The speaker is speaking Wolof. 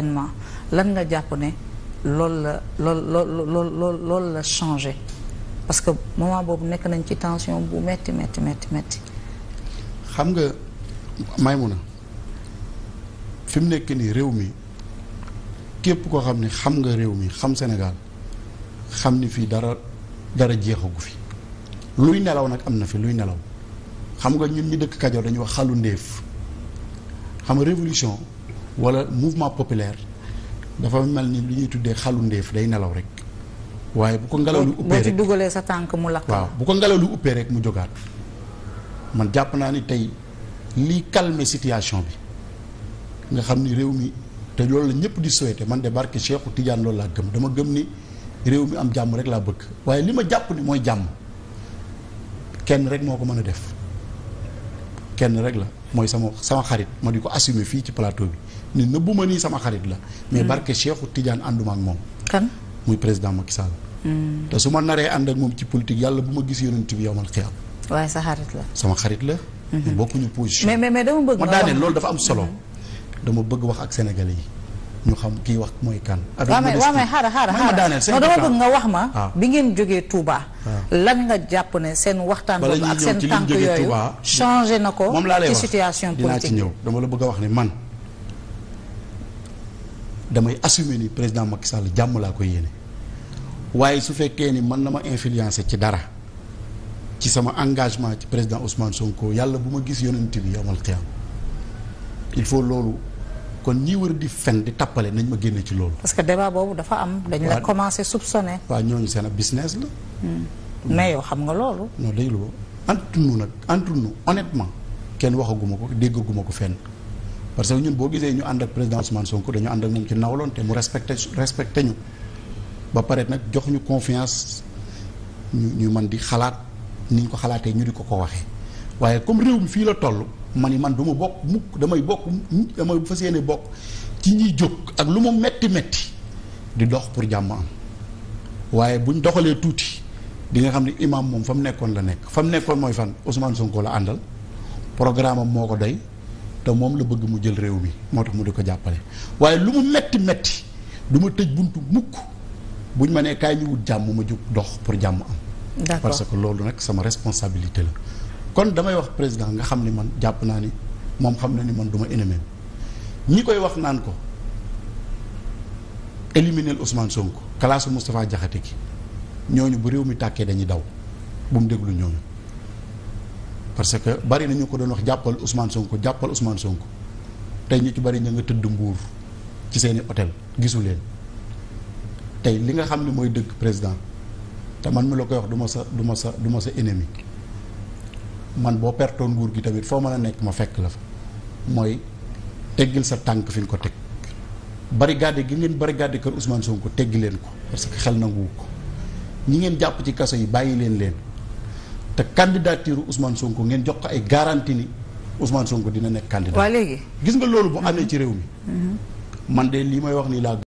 événement lan nga jàpp ne loolu la loolu loolu loolu loolu la changé parce que moment boobu nekk nañ ci tension bu metti metti metti metti xam nga Maymuna fi mu nekk nii réew mi képp koo xam ne xam nga réew mi xam Sénégal xam ni fii dara dara jeexagu fi luy nelaw nag am na fi luy nelaw xam nga ñun ñu dëkk Kajoor dañuy wax xalu ndéef xam nga révolution wala mouvement populaire dafa mel ni lu ñuy tuddee xalu ndeef day nelaw rek waaye bu ko ngelaw lu uppee rek sa tànk mu lakk bu ko ngelaw lu uppee rek mu jógaat man jàpp naa ni tey lii calmer situation bi nga xam ni réew mi te loolu la ñëpp di souhaité man de barke Cheikhu Tidiane loolu laa gëm dama gëm ni réew mi am jàmm rek laa bëgg waaye li ma jàpp ni mooy jàmm kenn rek moo ko mën a def kenn rek la mooy sama sama xarit ma di ko assumer fii ci plateau bi ne nëbbu ma nii sama xarit la. mais mm. barke Cheikhou Tidiane ànduma moom. kan muy président Macky Sall. Mm. te su ma naree ànd ak moom ci politique yàlla bu ma gis yonent bi yow man xiyam. waaye sa xarit la. sama xarit la. Mm-hmm. bokkuñu position. mais mais mais dama bëgg ma daaneel loolu dafa am solo. Mm-hmm. dama bëgg wax ak sénégal yi. ñu xam kii wax mooy kan. waaw mais waaw mais xaaral xaaral xaaral non dama bëgg nga wax ma. Ah. bi ngeen jógee Touba. Ah. lan nga jàpp ne seen waxtaan. boobu ak seen tànk yooyu changé na ko. moom laa situation politique dinaa ci dama la bëgg a wax ne man damay assumer ni président Macky Sall jàmm laa koy yéene waaye su fekkee ni man na ma influencer ci dara ci sama engagement ci président Ousmane Sonko yàlla bu ma gis yonent bi amal xiyaam il faut loolu. kon ñi wër di fen di tappale nañ ma génne ci loolu. parce que débat boobu dafa am. dañ la commencé soupçonné. waaw ñooñu seen ab business la. Hmm. mais yow xam nga loolu. non déglu ko entre nous nag entre nous honnêtement kenn waxaguma ko déggaguma ko fenn parce que ñun boo gisee ñu ànd ak président Ousmane Sonko dañu ànd ak moom ci nawloon te mu respecté respecté ñu. ba pare nag jox ñu confiance ñu ñu mën di xalaat ni ñu ko xalaatee ñu di ko ko waxee waaye comme réew mi fii la toll. ma ni man du ma bokk mukk damay bokk mukk damay fas yéene bokk ci ñuy jóg ak lu mu metti metti di dox pour jàmm am waaye buñ doxalee tuuti di nga xam ne imaam moom fa mu nekkoon la nekk fa mu nekkoon mooy fan Ousmane Sonko la àndal programme am moo ko doy te moom la bëgg mu jël réew mi moo tax mu di ko jàppale waaye lu mu metti metti du ma tëj buntu mukk buñ ma nee kaay ñu wut jàmm ma jóg dox pour jàmm am. d'accord parce que loolu nag sama responsabilité la. kon damay wax président nga xam ni man jàpp naa ni moom xam na ni man du ma ñi koy wax naan ko éliminer Ousmane Sonko classe Moustapha jaxate ki ñooñu bu réew mi tàkkee dañuy daw bu mu déglu ñooñu parce que bari nañu ko doon wax jàppal Ousmane Sonko jàppal Ousmane Sonko tey ñu ci bari ñu nga tëdd mbuur ci seeni hôtel gisu leen tey li nga xam ni mooy dëgg président te man mi la koy wax du ma sa du ma sa du ma sa ennemi man boo pertoon nguur gi tamit foo mën a nekk ma fekk la fa mooy teggil sa tànk fi nga ko teg barigade gi ngeen barigade kër Ousmane Sonko teggi leen ko parce que xel nanguwu ko ñi ngeen jàpp ci kaso yi bàyyi leen leen te candidature Ousmane Sonko ngeen jox ko ay garantie ni Ousmane Sonko dina nekk candidat. waaw léegi gis nga loolu bu amee ci réew mi. Mm-hmm. man de lii may wax nii laa.